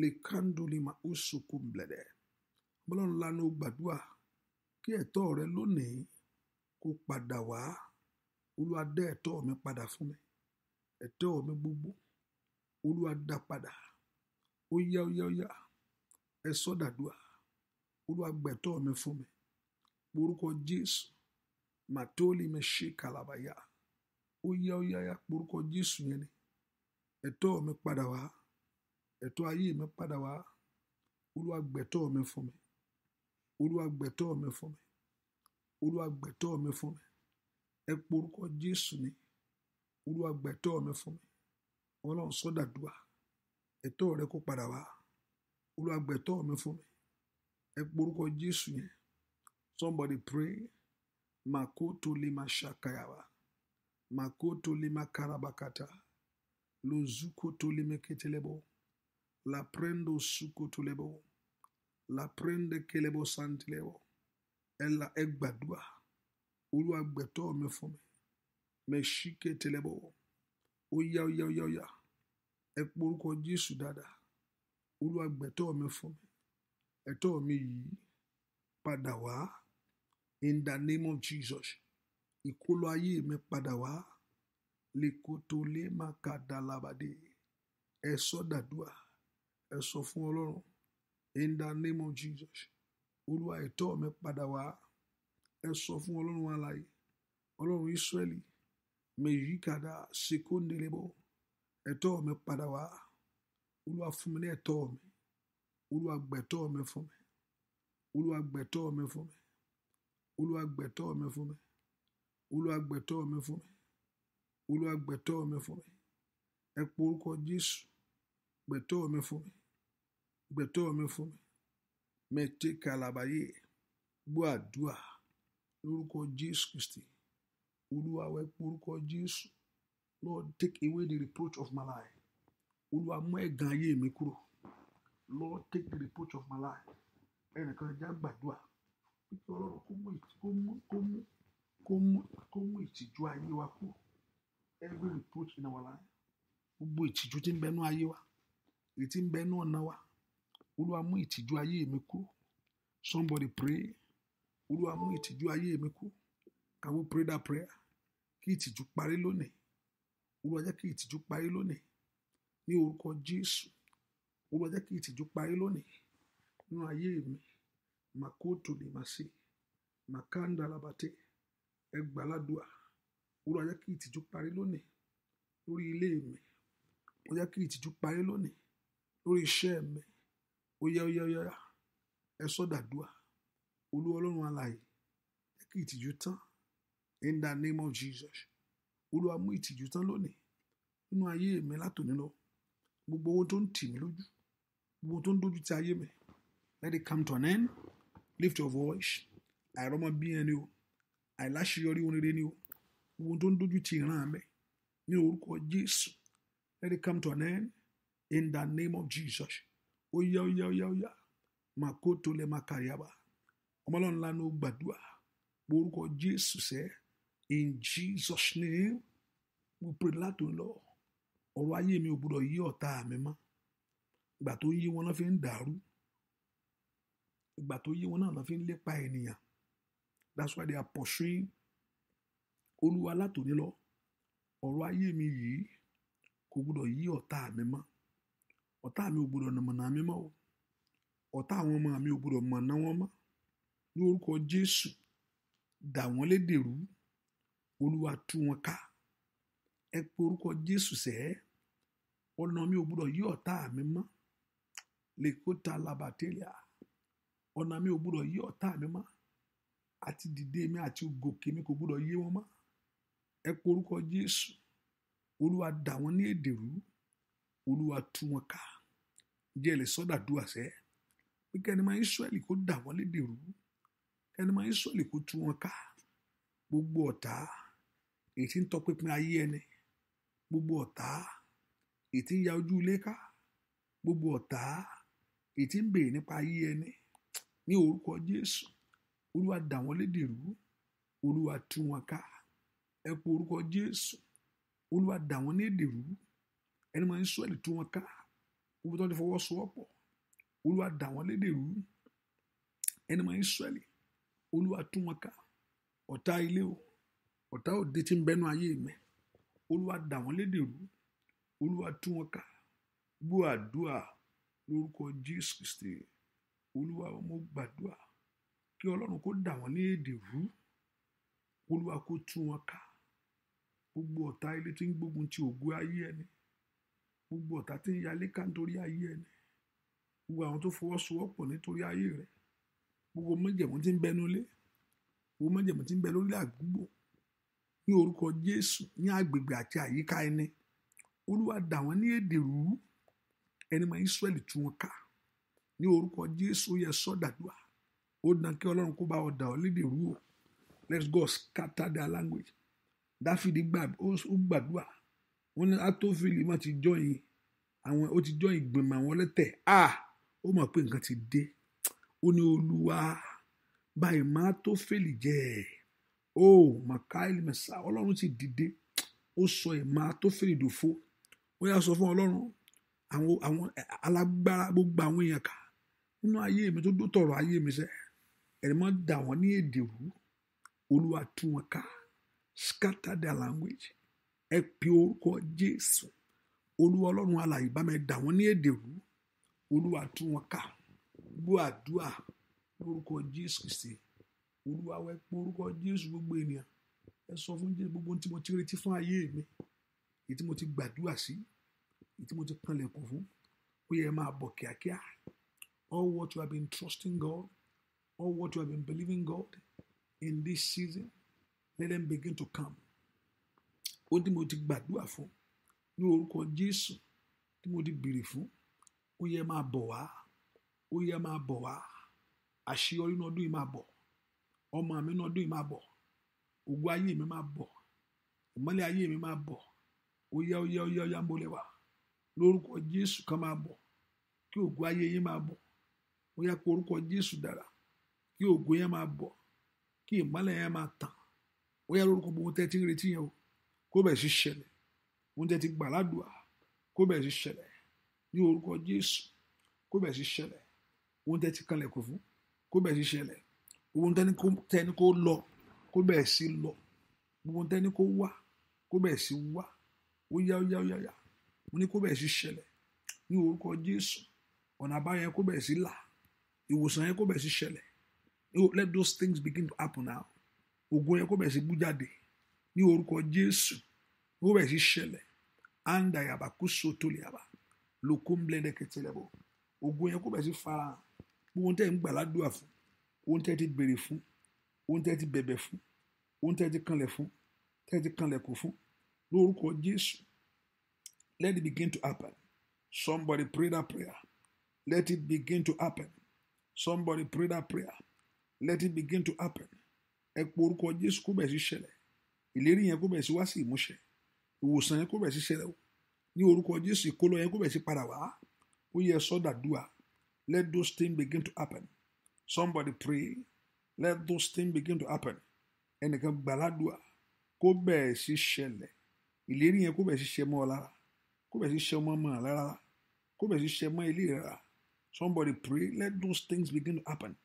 lè kándò lè máa ó sunkún blẹ̀dẹ̀ bọ́lọ́run lánàá ó gbàdúrà kí ẹ̀tọ́ rẹ lónìí kó padà wá olúwa dá ẹ̀tọ́ mi padà fún mi ẹ̀tọ́ mi gbogbo olúwa padà ó yá ó yá ó yá ẹ sọ́dàdúà olúwa mi fún mi orúkọ Jésù Matoli mẹ́ṣe kàlàbàyà ó yá ó yáyá porúkọ yẹn ni ẹ̀tọ́ mi padà wá ẹ̀tọ́ ayé mi padà wá Olúwa gbẹ̀tọ́ mi fún mi Olúwa mi fún mi Olúwa mi fún mi ẹ porúkọ Jésù ni Olúwa gbẹ̀tọ́ mi fún mi Ọlọ́run sọ́dàdúà ẹ̀tọ́ rẹ kó padà wá Olúwa gbẹ̀tọ́ mi fún mi ẹ porúkọ Jésù yẹn somebody pray. Makoto lima shakayaba. Makoto lima karabakata. Lozuko to lime ketelebo. La prendo suko to lebo. La prende kelebo santilebo. Ella egbadua. Olúwa gbẹ̀tọ́ mi fún mi. Mẹ̀síkè telebo. Oya oya oya oya. Ẹ porúkọ Jésù dáadáa. Olúwa gbẹ̀tọ́ mi fún mi. Ẹ̀tọ́ mi yìí padà wá in the name of Jesus ìkólọ ayé mi padà wá lèkótó lè má ka dalabade ẹ sọ dàdúà ẹ sọ fún Ọlọ́run in the name of Jesus olúwa ìtọ́ mi padà wá ẹ sọ fún Ọlọ́run alààyè Ọlọ́run Ísírẹ́lì mèyíkàdá sekóńdélébó ẹ̀tọ́ mi padà wá olúwa fún mi ní ẹ̀tọ́ mi olúwa gbẹ̀tọ́ mi fún mi olúwa gbẹ̀tọ́ mi fún mi olúwa gbẹ̀tọ́ mi fún mi olúwa gbẹ̀tọ́ mi fún mi olúwa gbẹ̀tọ́ mi fún mi ẹ po orúkọ jésù gbẹ̀tọ́ mi fún mi gbẹ̀tọ́ mi fún mi mẹtẹ kalabaye gbọ́ àdúà lórúkọ jésù kristi olúwa wẹ po orúkọ jésù lord take away the reproach of my life olúwa mú ẹ̀gàn ayé mi kúrò lord take the reproach of my life ẹnìkan já pípẹ́ ọlọ́run kó mú ìtìjú ayé wa kú every reproach in our life gbogbo ìtìjú tí ń bẹnu ayé wa èyí tí ń bẹnu ọ̀nà wa olúwa mú ìtìjú ayé mi kú somebody pray olúwa mú ìtìjú ayé mi kú can we pray that prayer kí ìtìjú parí lónìí olúwa jẹ́ kí ìtìjú parí lónìí ní orúkọ jésù olúwa jẹ́ kí ìtìjú parí lónìí nínú ayé mi makoto ni masi makanda labate ẹgbàládùá olúwa jẹ́ kí ìtìjú parí lónìí lórí ilé mi ó yẹ kí ìtìjú parí lónìí lórí iṣẹ́ mi ó yẹ ó yẹ ó yẹ ẹ sọ́dàdúà olú ọlọ́run alààyè jẹ́ kí ìtìjú tán in the name of Jesus olúwa mú ìtìjú tán lónìí nínú ayé mi látòní lọ gbogbo owó tó ń tì mí lójú gbogbo tó ń dojú ti ayé mi let it come to an end lift your voice àìrọ́mọ bí ẹni o àìláṣeyọrí oníire ni o ohun tó ń dojú ti ìran mi ní orúkọ Jésù let it come to an end in the name of Jesus Oya oya oya oya. ó yá ó yá màá kó tó lẹ́ máa kárí àbá ọmọlọ́run lánàá ó gbàdúrà orúkọ Jésù sẹ́ in Jesus name we pray látòun lọ ọ̀rọ̀ ayé mi ò gbọdọ̀ yí ọ̀tá mi mọ́ ìgbà tó ń yí wọn lọ́ fi ń dàrú ìgbà tó yé wọn náà lọ fi ń lépa ènìyàn that's why they are pursuing olúwa látòní lọ ọ̀rọ̀ ayé mi yìí kò gbúdọ̀ yí ọ̀tá mi mọ́ ọ̀tá mi ò gbúdọ̀ nàmọ̀nà mi mọ́ o ọ̀tá àwọn ọmọ mi ò gbúdọ̀ mọ̀nà wọn mọ́ ní orúkọ Jésù dà wọ́n lédèrú olúwa tú wọn ká ẹ pé orúkọ Jésù sẹ́ ọ̀nà mi ò gbúdọ̀ yí ọ̀tá mi mọ́ lè kó ta labatẹ́lẹ̀ ọ̀nà mi ò gbúdọ̀ yí ọ̀tá mi mọ́ àti dìde mi àti gòkè mi kò gbúdọ̀ yé wọn mọ́ ẹ pé orúkọ Jésù olúwa dà wọ́n ní èdè rú olúwa tú wọn ká jẹ́ ẹ lè sọ́dà dùn àṣẹ pé kẹ́ni máa Ísírẹ́lì kó dà wọ́n lédè rú kẹ́ni máa Ísírẹ́lì kó tú wọn ká gbogbo ọ̀tá èyí ń tọpinpin ayé ẹni gbogbo ọ̀tá èyí ń ya ojú ilé ká gbogbo ọ̀tá èyí ń béèrè nípa ayé ẹni ní orúkọ jésù olúwa dà wọ́n lédè rú olúwa tú wọn ká ẹ pé orúkọ jésù olúwa dà wọ́n lédè rú ẹni máa ń sọ èlì tú wọn ká gbogbo tó ń fọwọ́ sowọ́pọ̀ olúwa dà wọ́n lédè rú ẹni máa ń sọ èlì olúwa tú wọn ká ọ̀tá ilé o ọ̀tá òde tí ń bẹ́nu ayé mi olúwa dà wọ́n lédè rú olúwa tú wọn ká gbọ́ àdúrà lórúkọ jésù kristi olúwa mo gbàdúrà kí ọlọ́run kó dà wọ́n ní èdè rú olúwa kó tú wọn ká gbogbo ọ̀tá ilé tí ń gbógun ti ògùn ayé ẹni gbogbo ọ̀tá tí ń yalé ká nítorí ayé ẹni gbogbo àwọn tó fọwọ́sowọ́pọ̀ nítorí ayé rẹ gbogbo májẹ̀mú tí ń bẹ nulẹ̀ gbogbo májẹ̀mú tí ń bẹ lórí àdúgbò ní orúkọ jésù ní agbègbè àti àyíká ẹni olúwa dà wọ́n ní èdè rú ẹni máa ń sọ ẹ̀lì ká ní orúkọ Jésù yẹ sọdàdúà ó dàn kí Ọlọ́run kó bá ọdà ọlédè rú o let's go scatter their language Dáfídì gbà ó gbàdúà wọn ní atófìlì má ti jọ yìí àwọn ó ti jọ ìgbìmọ̀ àwọn ọlẹ́tẹ̀ a ah! ó mọ̀ pé nǹkan ti dé ó ní Olúwa báyìí má tófìlì jẹ́ ó màkàílì mẹ́sà Ọlọ́run ti dìde ó sọ ìmọ̀ atófìlì dòfo ó yà sọ fún Ọlọ́run àwọn àwọn alágbára gbogbo àwọn èèyàn kà á nínú ayé mi tó dótọ̀rọ̀ ayé mi sẹ́ ẹ̀rí máa dà wọ́n ní èdè rú olúwa tú wọn ká scatter their language ẹ pe orúkọ jésù olúwa ọlọ́run alàyè bá mi dà wọ́n ní èdè rú olúwa tú wọn ká gbọ́ àdúrà lórúkọ jésù sí olúwa wẹ́ pé orúkọ jésù gbogbo ènìyàn ẹ sọ fún jésù gbogbo ohun tí mo ti retí fún ayé mi èyí tí mo ti gbàdúrà sí èyí tí mo ti kanlẹ̀kùn fún ó yẹ máa bọ̀ kíákíá all what you have been trusting God, all what you have been believing God in this season, let them begin to come. Ó tí mo ti gbàdúrà fún ní orúkọ Jésù tí mo ti bèrè fún, ó yẹ máa bọ̀ wá, ó yẹ máa bọ̀ wá, àṣeyọrí inú ọdún yìí máa bọ̀, ọmọ mi inú ọdún yìí máa bọ̀, ògo ayé mi máa bọ̀, ìmọ́lẹ̀ ayé mi máa bọ̀, ó yá ó yá ó yá ó yá mo lẹ́wà, lórúkọ Jésù kan máa bọ̀, kí ògo ayé yín máa bọ̀ ó yá pé orúkọ Jésù dára kí ògo yẹn máa bọ̀ kí ìmọ́lẹ̀ yẹn máa tàn ó yá lórúkọ gbogbo tẹ́ ti ń retí yẹn o kó bẹ̀ sí ṣẹlẹ̀ oúnjẹ ti gbà ládùá kó bẹ̀ sí ṣẹlẹ̀ ní orúkọ Jésù kó bẹ̀ sí ṣẹlẹ̀ oúnjẹ ti kanlẹ̀ kò fún kó bẹ̀ sí ṣẹlẹ̀ ohun tẹ́ni kó lọ kó bẹ̀ sí lọ gbogbo tẹ́ni kó wá kó bẹ̀ sí wá ó yá ó yá ó yá yá mo ní kó bẹ̀ sí ṣẹlẹ̀ ní orúkọ Jésù ọ̀nà àbáyọ kó bẹ̀ sí là ìwòsàn yẹn kó bẹ̀rẹ̀ sí ṣẹlẹ̀ let those things begin to happen now ògo yẹn kó bẹ̀rẹ̀ sí bú jáde ní orúkọ Jésù kó bẹ̀rẹ̀ sí ṣẹlẹ̀ anda yaba kóso tó lè yaba lokum blẹ́dẹ̀ kẹtẹlẹ bọ̀ ògo yẹn kó bẹ̀rẹ̀ sí fara ohun tẹ́ ń gbà fún ohun tẹ́ ti béèrè fún ohun tẹ́ ti bẹ̀bẹ̀ fún ohun tẹ́ ti kanlẹ̀ fún tẹ́ ti kanlẹ̀ kò fún lórúkọ Jésù let it begin to happen somebody pray that prayer let it begin to happen Somebody pray that prayer. Let it begin to happen. Ẹ po orúkọ Jésù kó bẹ̀rẹ̀ sí ṣẹlẹ̀. Ìlérí yẹn kó bẹ̀rẹ̀ sí wá sí ìmúṣẹ. Ìwòsàn yẹn kó bẹ̀rẹ̀ sí ṣẹlẹ̀ o. Ní orúkọ Jésù ìkólọ yẹn kó bẹ̀rẹ̀ sí padà wá. Ó yẹ sọ́dà Let those things begin to happen. Somebody pray. Let those things begin to happen. Ẹnìkan gbàládùà kó bẹ̀rẹ̀ sí ṣẹlẹ̀. Ìlérí yẹn kó bẹ̀rẹ̀ sí ṣẹ mọ́ ọ lára. Kó bẹ̀rẹ̀ sí ṣẹ ọmọ lára. Kó bẹ̀rẹ̀ sí ṣẹ ilé rẹ̀ Somebody pray. Let those things begin to happen.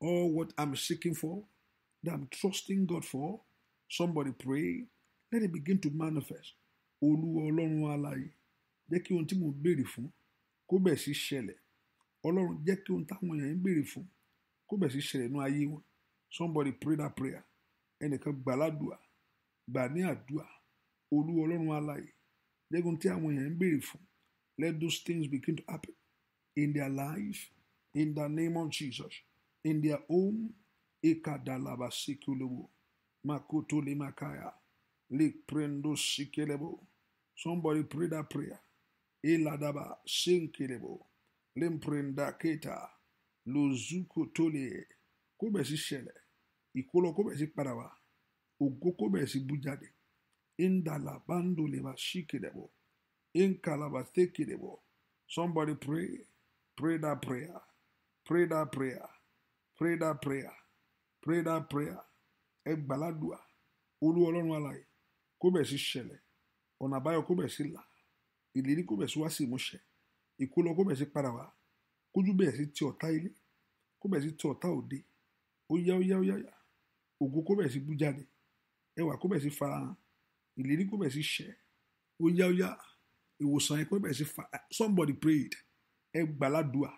All what I'm seeking for, that I'm trusting God for, somebody pray. Let it begin to manifest. Olúwa Ọlọ́run aláyé jẹ́ kí ohun tí mo béèrè fún kó bẹ̀ sí ṣẹlẹ̀. Ọlọ́run jẹ́ kí ohun táwọn èèyàn ń béèrè fún kó bẹ̀ sí ṣẹlẹ̀ nínú ayé wọn. Somebody pray that prayer. Ẹnìkan gbà ládùúà gbà ní àdúà Olúwa Ọlọ́run aláyé jẹ́ kí ohun tí àwọn èèyàn ń béèrè fún let those things begin to happen in their life, in the name of Jesus, in their home. Ikadalaba sikulubu. Makutu limakaya. Likprendo sikelebo. Somebody pray that prayer. Iladaba sinkilebo. Limprenda keta. Lozuko tole. Kó bẹ̀ sí ṣẹlẹ̀. Ìkólọ kó bẹ̀ sí padà wá. Ògo sikelebo. Inkalaba tekilebo. Somebody pray. Pray that prayer. Pray that prayer. Pray that prayer. Pray that prayer. Ẹ gbàládùá. Olú Ọlọ́run alààyè. Kó bẹ̀ sí ṣẹlẹ̀. Ọ̀nà àbáyọ kó bẹ̀ sí là. Ìlérí kó bẹ̀ sí wá sí ìmúṣẹ. Ìkólọ kó bẹ̀ sí padà wá. Kójú bẹ̀ sí ti ọ̀tá ilé. Kó bẹ̀ sí ti ọ̀tá òde. Ó yá ó yá Ògo kó bẹ̀ sí bú Ẹwà kó bẹ̀ sí farahàn. Ìlérí kó bẹ̀ sí ṣẹ. Ó yá Ìwòsàn yẹn kó bẹ̀ sí fa. Somebody prayed ẹ gbà ládùúà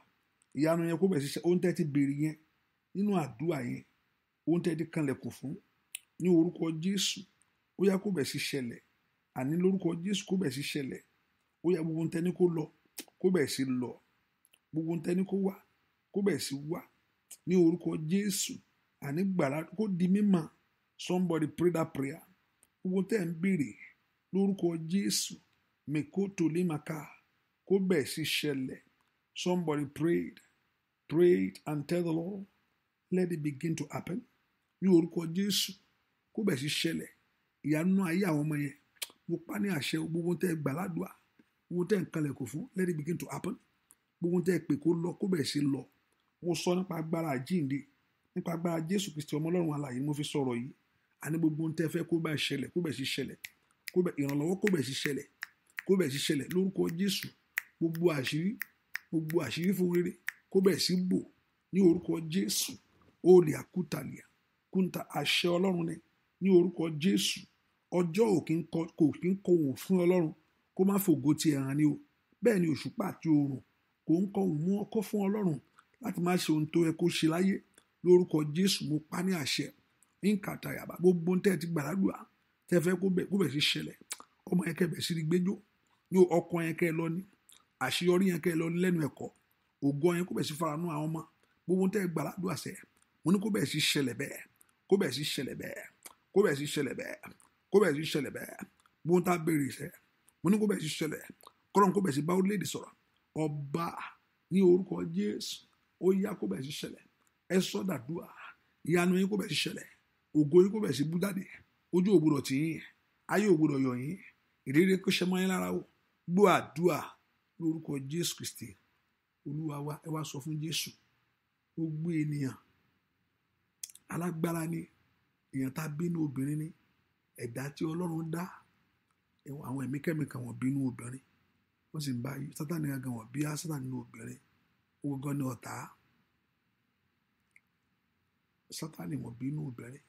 ìyanu yẹn kó bẹ̀ ṣiṣẹ́ ohun tẹ́ ti béèrè yẹn nínú àdúà yẹn ohun tẹ́ ti kanlẹ̀kùn fún ní orúkọ Jésù ó yá kó bẹ̀ sí ṣẹlẹ̀ àní lórúkọ Jésù kó bẹ̀ sí ṣẹlẹ̀ ó yá gbogbo ntẹ́ni kó lọ kó bẹ̀ sí lọ gbogbo ntẹ́ni kó wá kó bẹ̀ sí wá ní orúkọ Jésù àní gbàrà kó di mímọ̀ somebody pray that prayer gbogbo tẹ́ ń béèrè lórúkọ Jésù mẹ́kó tòlímàkà kó bẹ̀ sí ṣẹlẹ̀ Somebody prayed, prayed and tell the Lord, let it begin to happen. Ní orúkọ Jésù, kó bẹ̀ sí ṣẹlẹ̀, ìyanu ayé àwọn ọmọ yẹn, mo pa ní àṣẹ gbogbo tẹ́ gbà ládùá, gbogbo tẹ́ nkanlẹ̀ kò fún, let it begin to happen. Gbogbo tẹ́ pè kó lọ, kó bẹ̀ sí lọ. Mo sọ nípa agbára àjíǹde, nípa agbára Jésù Kristi ọmọ Ọlọ́run alààyè mo fi sọ̀rọ̀ yìí. Àní gbogbo tẹ́ fẹ́ kó bá ṣẹlẹ̀, kó bẹ̀ sí ṣẹlẹ̀, ìrànlọ́wọ́ kó bẹ̀ sí ṣẹlẹ̀, kó bẹ̀ sí ṣẹlẹ̀ lórúkọ Jésù, gbogbo àṣírí gbogbo àṣírí fún rere kó bẹ̀rẹ̀ sí bò ní orúkọ jésù olè àkútàlẹ̀ kúńtà àṣẹ ọlọ́run ni ní orúkọ jésù ọjọ́ òkín kò kí ń kọ̀wọ̀n fún ọlọ́run kó má fògo ti ẹ̀ràn ni o bẹ́ẹ̀ ni òṣùpá àti oòrùn kò ń kọ̀wọ̀n mú ọkọ́ fún ọlọ́run láti má ṣe ohun tó yẹ kó ṣe láyé lórúkọ jésù mo pa ní àṣẹ nkàtà yàbá gbogbo tẹ́ ẹ ti gbàdúrà tẹ́ fẹ́ kó bẹ̀ sí ṣẹlẹ̀ ọmọ yẹn kẹ́ bẹ̀ sí gbẹjọ́ ní ọkọ yẹn kẹ́ lọ ní àṣeyọrí yẹn kẹ́ ẹ lọ lẹ́nu ẹ̀kọ́ ògo yẹn kó bẹ̀ sí faranú àwọn ọmọ gbogbo tẹ́ ẹ gbà ládùúgbà sẹ́ mo ní kó bẹ̀ sí ṣẹlẹ̀ bẹ́ẹ̀ kó bẹ̀ sí ṣẹlẹ̀ bẹ́ẹ̀ kó bẹ̀ sí ṣẹlẹ̀ bẹ́ẹ̀ kó bẹ̀ sí ṣẹlẹ̀ bẹ́ẹ̀ gbogbo tá a béèrè sẹ́ mo ní kó bẹ̀ sí ṣẹlẹ̀ kọ́lọ́n kó bẹ̀ sí bá orílẹ̀-èdè sọ̀rọ̀ ọba ní orúkọ Jésù ó yá kó bẹ̀ sí ṣẹlẹ̀ ẹ sọ dàdúrà ìyanu yín kó bẹ̀ sí ṣẹlẹ̀ ògo yín kó bẹ̀ sí bú ojú ògbúdọ̀ tì yín ayé ògbúdọ̀ yọ̀ yín ìrírí kó ṣe mọ́ yín lára o gbọ́ àdúrà lórúkọ jésù kristi olúwa wa ẹ wá sọ fún jésù gbogbo ènìyàn alágbára ni èèyàn tá a bínú obìnrin ni ẹ̀dá tí ọlọ́run dá àwọn ẹ̀mí kẹ́mi kan bínú obìnrin wọ́n sì ń bá sátani gangan wọ́n bí sátani ní obìnrin owó gan ni ọ̀tá sátani wọ́n bínú obìnrin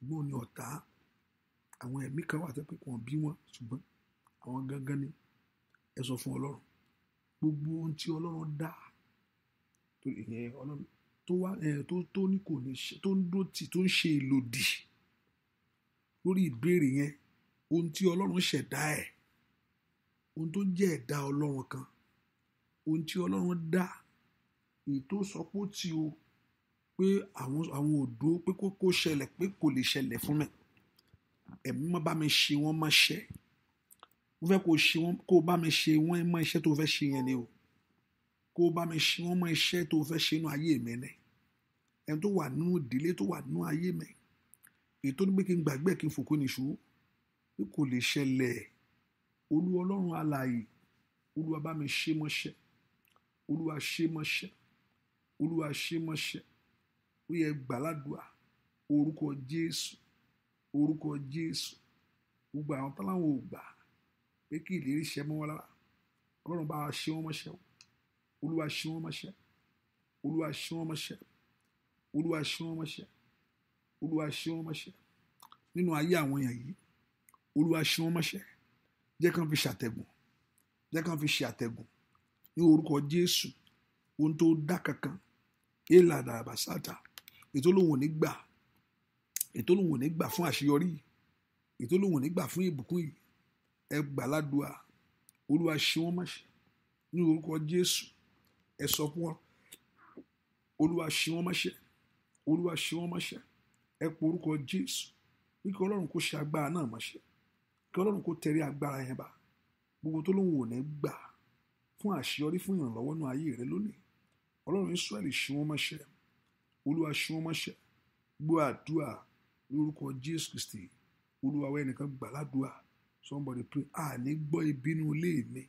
ṣùgbọ́n òun ni ọ̀tá àwọn ẹ̀mí kan wà tó pé wọ́n bí wọn ṣùgbọ́n àwọn gangan ni ẹ sọ fún ọlọ́run gbogbo ohun tí ọlọ́run dá tó ìyẹn ọlọ́run tó wá ẹ tó tó ní kò ní ṣe tó ń dúró tì tó ń ṣe ìlòdì lórí ìbéèrè yẹn ohun tí ọlọ́run ṣẹ̀dá ẹ̀ ohun tó jẹ́ ẹ̀dá ọlọ́run kan ohun tí ọlọ́run dá èyí tó sọ o pé àwọn àwọn òdo pé kó kó ṣẹlẹ̀ pé kò lè ṣẹlẹ̀ fún mi ẹ̀mí má bá mi ṣe wọ́n má ṣẹ́ mo fẹ́ kó ṣe wọ́n kó bá mi ṣe wọ́n mọ́ iṣẹ́ tó fẹ́ ṣe yẹn ni o kó bá mi ṣe wọ́n mọ́ iṣẹ́ tó fẹ́ ṣe inú ayé mi ni ẹni tó wà nínú ìdílé tó wà nínú ayé mi èyí tó ní pé kí n gbàgbé kí n fòkó nìṣó pé kò lè ṣẹlẹ̀ olú ọlọ́run alààyè olúwa bá mi ṣe mọ́ṣẹ́ olúwa ṣe mọ́ṣẹ́ olúwa ṣe mọ́ṣẹ́ ó yẹ gbàládùá orúkọ jésù orúkọ jésù gbogbo àwọn táwọn ò gbà pé kí ìlérí ṣẹ mọ́ wọn lára ọlọ́run bá ṣe wọ́n mọ́ṣẹ́ olúwa ṣe wọ́n mọ́ṣẹ́ olúwa ṣe wọ́n mọ́ṣẹ́ olúwa ṣe wọ́n mọ́ṣẹ́ olúwa ṣe wọ́n mọ́ṣẹ́ nínú ayé àwọn èèyàn yìí olúwa ṣe wọ́n mọ́ṣẹ́ jẹ́ kàn fi ṣàtẹ̀gùn jẹ́ kàn fi ṣe ní orúkọ jésù ohun tó dá kankan ìlànà àbàṣàtà ètò olóhùn ní ètò olóhùn ní fún àṣeyọrí ètò olóhùn ní fún ìbùkún yìí ẹ gbà ládùúà olúwa ṣe wọ́n má ṣe ní orúkọ jésù ẹ sọ fún wọn olúwa ṣe wọ́n má ṣe olúwa ṣe wọ́n má ṣe ẹ pọ orúkọ jésù ní kí ọlọ́run kó ṣe agbára náà má ṣe kí ọlọ́run kó tẹrí agbára yẹn bá gbogbo tó lóun ò ní gbà fún àṣeyọrí fún ìrànlọ́wọ́ náà ayé rẹ lónìí ọlọ́run israẹli ṣe wọ́n má ṣe olúwa ṣe wọ́n má ṣe gbọ́ àdúrà lórúkọ jésù kristi olúwa wẹ́ẹ́ nìkan gbà ládùúà somebody pray Ah, àní gbọ́ ìbínú ilé mi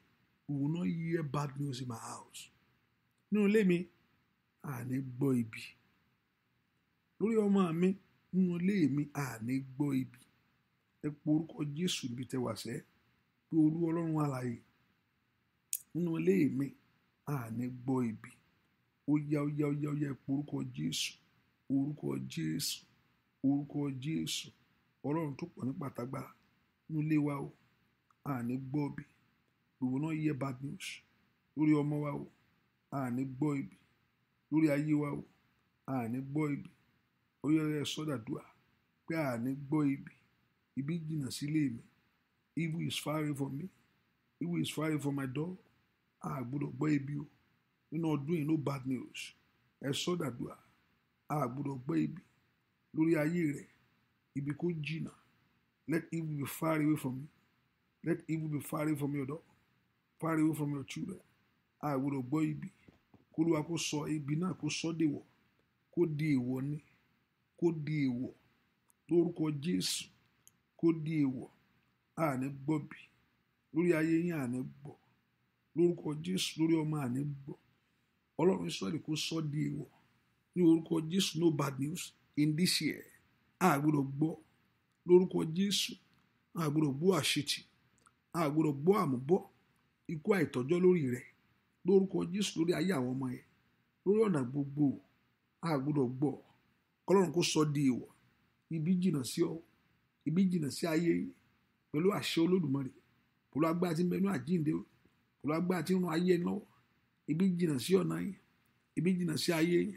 we will not hear bad news in my house nínú ilé mi àní gbọ́ ibi lórí ọmọ mi nínú ilé mi àní gbọ́ ibi ẹ pọ orúkọ Jésù níbi tẹ wà sẹ́ pé olú ọlọ́run alààyè nínú ilé mi àní gbọ́ ibi ó yá ó yá ó yá ó yá ẹ pọ orúkọ Jésù orúkọ Jésù orúkọ Jésù ọlọ́run tó pọ̀ ní pàtàgbára nílé wa o àní gbọ́ ibi we will not hear bad news lórí ọmọ wa o àní gbọ́ ibi lórí ayé wa o àní gbọ́ ibi oyè rẹ̀ sọ́dàdúà pé àní gbọ́ ibi ibi jìnnà sílé mi evil is far for from me evil is far for from my door àgbọ́dọ̀ gbọ́ ibi o nínú ọdún yìí no bad news ẹ sọ́dàdúà àgbọ́dọ̀ gbọ́ ibi lórí ayé rẹ̀ ibi kò jìnnà Let evil be far away from you. Let evil be far away from your door, far away from your children. Àìwúrò gbọ́ ibi. Kólúwa kó sọ ibi náà kó sọ dèwọ̀. Kó di èèwọ̀ ni. Kó di èèwọ̀. Lórúkọ Jésù. Kó di èèwọ̀. Àní gbọ́ bi. Lórí ayé yín àní gbọ́. Lórúkọ Jésù lórí ọmọ àní gbọ́. Ọlọ́run Ísírẹ́lì kó sọ di èèwọ̀. Ní orúkọ Jésù no bad news in this year. Àìwúrò gbọ́ lórúkọ jésù àgbòrò bó àṣetì àgbòrò bó àmúbọ ikú àìtọ́jọ́ lórí rẹ lórúkọ jésù lórí ayé àwọn ọmọ yẹn lórí ọ̀nà gbogbo àgbòrò gbọ́ kọlọ́run kò sọ di ìwọ̀ ibi jìnnà sí ọ ibi jìnnà sí ayé pẹ̀lú àṣẹ olódùmarè pẹ̀lú agbára tí mẹ́nu àjíǹde pẹ̀lú agbára tí ń ran ayé ẹ̀ náà ibi jìnnà sí ọ̀nà yìí ibi jìnnà sí ayé yìí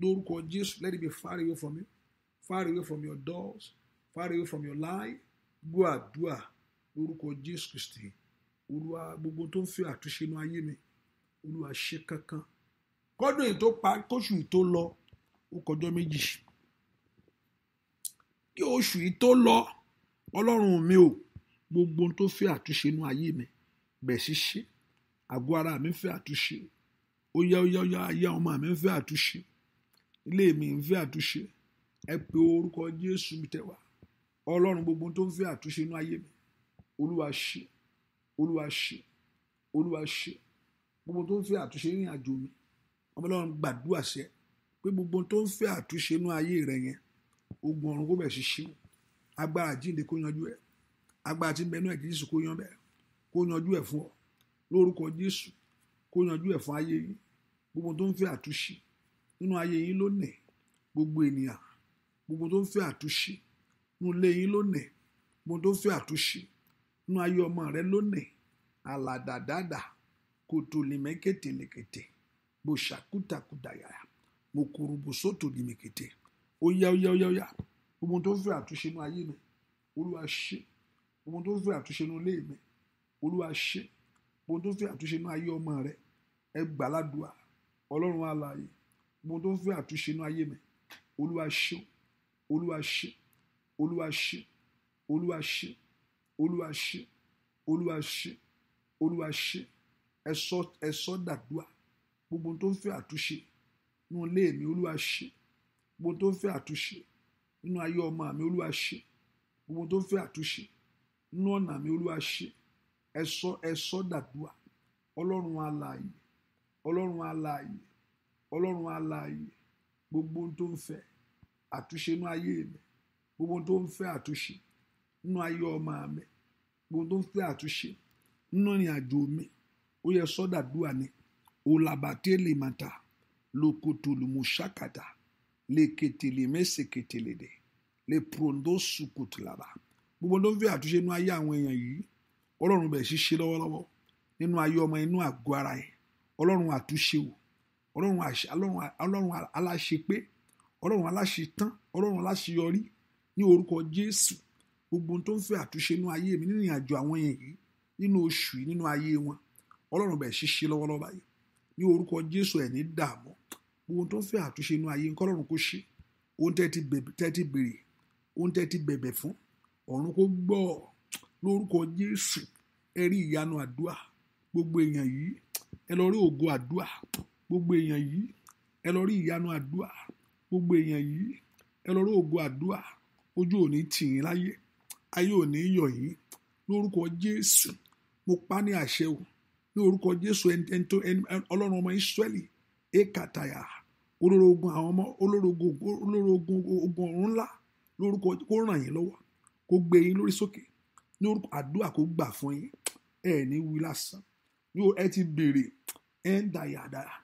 lórúkọ jésù let it be far away from you far away from your doors far away from your life gbọ́ àdúà lórúkọ Jésù Kristi olúwa gbogbo tó ń fi àtúnṣe inú ayé mi olúwa ṣe kankan kọ́dún yìí tó pa kóṣù tó lọ ó kọjọ́ méjì kí oṣù yìí tó lọ ọlọ́run mi ò gbogbo tó fẹ́ àtúnṣe inú ayé mi bẹ̀ ṣíṣe àgọ́ ara mi fẹ́ àtúnṣe ó yá ó yá ó yá ayé ọmọ mi fẹ́ àtúnṣe ilé mi fẹ́ àtúnṣe ẹ pé orúkọ Jésù mi tẹ̀ wá ọlọ́run gbogbo tó ń fẹ́ àtúnṣe inú ayé mi olúwa ṣe olúwa ṣe olúwa ṣe gbogbo tó ń fẹ́ àtúnṣe ìrìn àjò mi ọmọ ọlọ́run gbàdúrà sí ẹ pé gbogbo tó ń fẹ́ àtúnṣe inú ayé rẹ yẹn ogun ọ̀run kó bẹ̀ sí ṣe agbára jíǹde kó yanjú ẹ agbára tí mẹnu ẹ jésù kó yan bẹ kó yanjú ẹ fún ọ lórúkọ jésù kó yanjú ẹ fún ayé yìí gbogbo tó ń fẹ́ àtúnṣe nínú ayé yìí lónìí gbogbo ènìyàn gbogbo tó ń fẹ́ àtúnṣe nu ilé yín lónìí mo tó fẹ́ àtúnṣe nu ayé ọmọ rẹ lónìí àlàdàdàdà kòtò lèmẹ́kètè lèkètè bó ṣàkútàkùtà yàrá mo kúrú bó sótò lèmẹ́kètè ó yá ó yá ó yá ó yá ohun tó fẹ́ àtúnṣe nu ayé mi olúwa ṣe ohun tó fẹ́ àtúnṣe nu ilé mi olúwa ṣe ohun tó fẹ́ àtúnṣe nu ayé ọmọ rẹ ẹ gbàládùá ọlọ́run alààyè ohun tó fẹ́ àtúnṣe nu ayé mi olúwa ṣe olúwa ṣe olúwa ṣe olúwa ṣe olúwa ṣe olúwa ṣe olúwa ṣe ẹsọ ẹsọ dàdúà gbogbo tó ń fẹ́ àtúnṣe nínú ilé mi olúwa ṣe gbogbo tó ń fẹ́ àtúnṣe nínú ayé ọmọ mi olúwa ṣe gbogbo tó ń fẹ́ àtúnṣe nínú ọ̀nà mi olúwa ṣe ẹsọ ẹsọ dàdúà ọlọ́run alààyè ọlọ́run alààyè ọlọ́run alààyè gbogbo tó ń fẹ́ àtúnṣe nínú ayé mi gbogbo tó ń fẹ́ àtúnṣe nínú ayé ọmọ mi gbogbo tó ń fẹ́ àtúnṣe nínú ìrìn àjò mi ó yẹ sọ́dà dùà ni olàbàtẹ́ lè mà ta lókòtò lùmùsàkàtà lè kètèlè mẹ́sẹ̀ kètèlè dẹ̀ lè pòǹdó sùkùtù làbà gbogbo tó ń fẹ́ àtúnṣe nínú ayé àwọn èèyàn yìí ọlọ́run bẹ̀ ṣiṣẹ́ lọ́wọ́lọ́wọ́ nínú ayé ọmọ inú àgọ́ ara ẹ̀ ọlọ́run àtúnṣe wò ọlọ́run aláṣepé ọlọ́run aláṣetán ọlọ́run aláṣeyọrí ní orúkọ Jésù gbogbo tó ń fẹ́ àtúnṣe nínú ayé mi nínú ìrìnàjò àwọn èèyàn yìí nínú oṣù yìí nínú ayé wọn Ọlọ́run bẹ̀ ṣíṣe lọ́wọ́lọ́wọ́ báyìí ní orúkọ Jésù ẹ̀ ní dààmú gbogbo tó ń fẹ́ àtúnṣe nínú ayé nǹkan Ọlọ́run kò ṣe ohun tẹ́ ti béèrè ohun tẹ́ ti bẹ̀bẹ̀ fún ọ̀run kò gbọ́ lórúkọ Jésù ẹ rí ìyanu àdúà gbogbo èèyàn yìí ẹ lọ rí ògo àdúà gbogbo èèyàn yìí ẹ lọ rí ìyanu àdúà gbogbo èèyàn yìí ẹ lọ rí ògo àdúà ojú ò ní tì yín láyé ayé ò ní yọ̀ yín lórúkọ jésù mo pa ní àṣẹ o ní orúkọ jésù ẹnitó ọlọ́run ọmọ ìsírẹ́lì ekataya olórogún àwọn ọmọ olórogún olórogún ogun ọ̀run ńlá lórúkọ kó ràn yín lọ́wọ́ kó gbé yín lórí sókè ní orúkọ àdúrà kó gbà fún yín ẹ ní wí lásán ní ẹ ti béèrè ẹ ń dàyàdàyà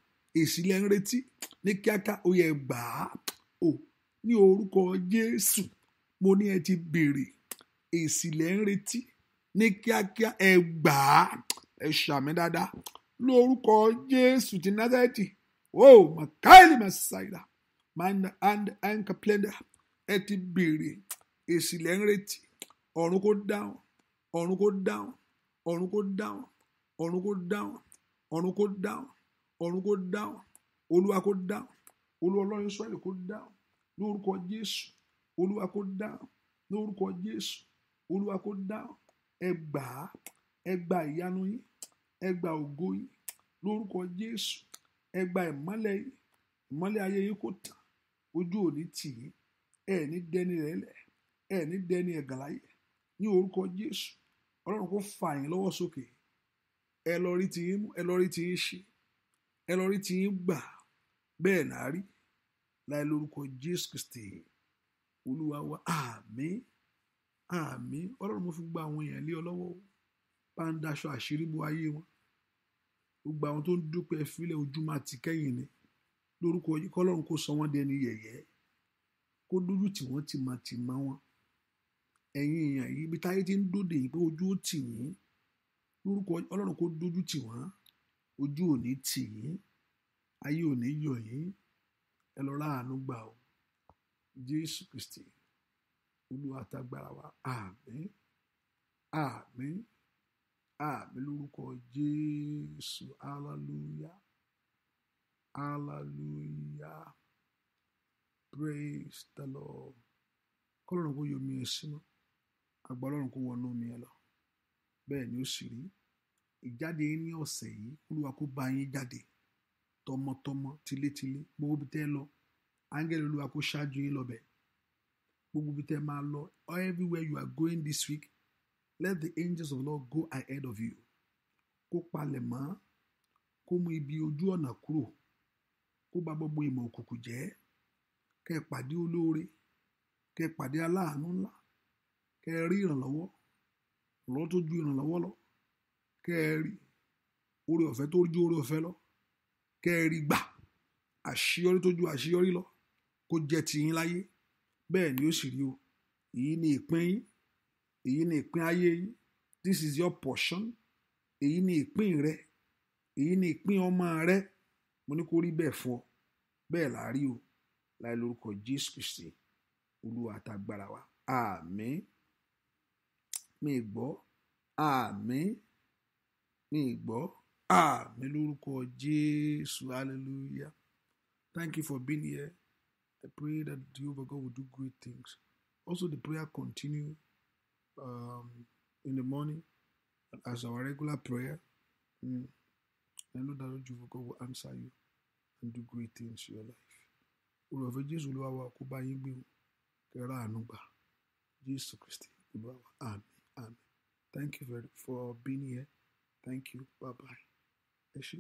èsì lẹ́ ń retí ní kíákíá ó yẹ gbà á o ní orúkọ jésù mo ní ẹ ti béèrè èsì lẹ́ ń retí ní kíákíá ẹ gbà á ẹ ṣàmì dáadáa lórúkọ jésù ti násàrẹ́tì ó and màsáìlà màndàǹkàplẹ́ndà ẹ ti béèrè èsì lẹ́ ń retí ọ̀run kò dáhùn ọ̀run kò dáhùn ọ̀run kò dáhùn ọ̀run kò dáhùn ọ̀run kò dáhùn ọ̀run kò dáhùn olúwa kò dáhùn olúwa ọlọ́run israẹli kò dáhùn lórúkọ jésù olúwa kó dáhùn lórúkọ jésù olúwa kó dáhùn ẹ gbà á ẹ gba ìyanu yín ẹ gba ògo yín lórúkọ jésù ẹ gba ìmọ́lẹ̀ yín ìmọ́lẹ̀ ayé yín kò tàn ojú òní tì yín ẹ ní dẹni rẹ lẹ ẹ ní dẹni ẹgàláyé ní orúkọ jésù ọlọ́run kò fà yín lọ́wọ́ sókè ẹ lọ rí tiyín mú ẹ lọ rí tiyín ṣe ẹ lọ rí tiyín gbà bẹ́ẹ̀ náà rí láì lórúkọ jésù kristi olúwa wa àmín àmín ọlọ́run mo fi gba àwọn èèyàn lé ọ lọ́wọ́ bá ń daṣọ àṣírí bo ayé wọn gbogbo àwọn tó ń dúpẹ́ fílẹ̀ ojú máa ti kẹ́yìn ni lórúkọ yìí kọ́lọ́run kó sọ wọ́n dẹni yẹ̀yẹ́ kó dójú tì wọ́n ti máa ti máa wọn ẹ̀yin èèyàn yìí ibi táyé ti ń dòde yìí pé ojú ó tì yín lórúkọ ọlọ́run kó dójú tì wọ́n ojú ò ní tì yín ayé ò ní yọ̀ yín ẹ lọ ráàánú gbà o jésù kristi olúwa tágbára wa àmín àmín àmín lórúkọ jésù hallelujah hallelujah praise the lord kọlọ́run kó yomi ẹ sí mọ́ àgbà ọlọ́run wọnú mi ẹ lọ bẹ́ẹ̀ ni ó sì rí ìjáde yín ní ọ̀sẹ̀ yìí olúwa bá yín jáde tọmọtọmọ tilétilé gbogbo bí tẹ́ lọ áńgẹ́lì olúwa kó ṣáájú yín lọ́bẹ̀ gbogbo bí tẹ́ máa lọ everywhere you are going this week let the angels of the Lord go ahead of you kó palẹ̀ mọ́ kó mú ibi ojú ọ̀nà kúrò kó bà gbogbo ìmọ̀ òkùnkùn jẹ́ kẹ́ ẹ pàdé olóore kẹ́ ẹ pàdé aláàánú ńlá kẹ́ ẹ rí ìrànlọ́wọ́ ìrànlọ́wọ́ tó ju ìrànlọ́wọ́ lọ kẹ́ ẹ rí oore ọ̀fẹ́ tó ju oore ọ̀fẹ́ lọ kẹ́ ẹ rí gbà àṣeyọrí tó ju àṣeyọrí lọ kó jẹ́ tiyín láyé bẹ́ẹ̀ ni ó sì rí o èyí ni ìpín yín èyí ni ìpín ayé yín this is your portion èyí ni ìpín rẹ èyí ni ìpín ọmọ rẹ mo ní kó rí bẹ́ẹ̀ fún ọ bẹ́ẹ̀ là á rí o láì lórúkọ Jésù Kristi olúwa àtàgbára wa àmín mi gbọ́ àmín mi gbọ́ àmín lórúkọ Jésù hallelujah thank you for being here. They pray that Jehovah God will do great things. Also, the prayer continue um, in the morning as our regular prayer. Mm. I know that Jehovah God will answer you and do great things in your life. Olùwàfẹ́ Jesus, Olúwa wa kó bá yín gbé o, kẹ́rọ àánú gbà. Jésù Kristi Olúwa wa, àmín àmín. Thank you very for being here. Thank you. Bye bye. Ẹ ṣé.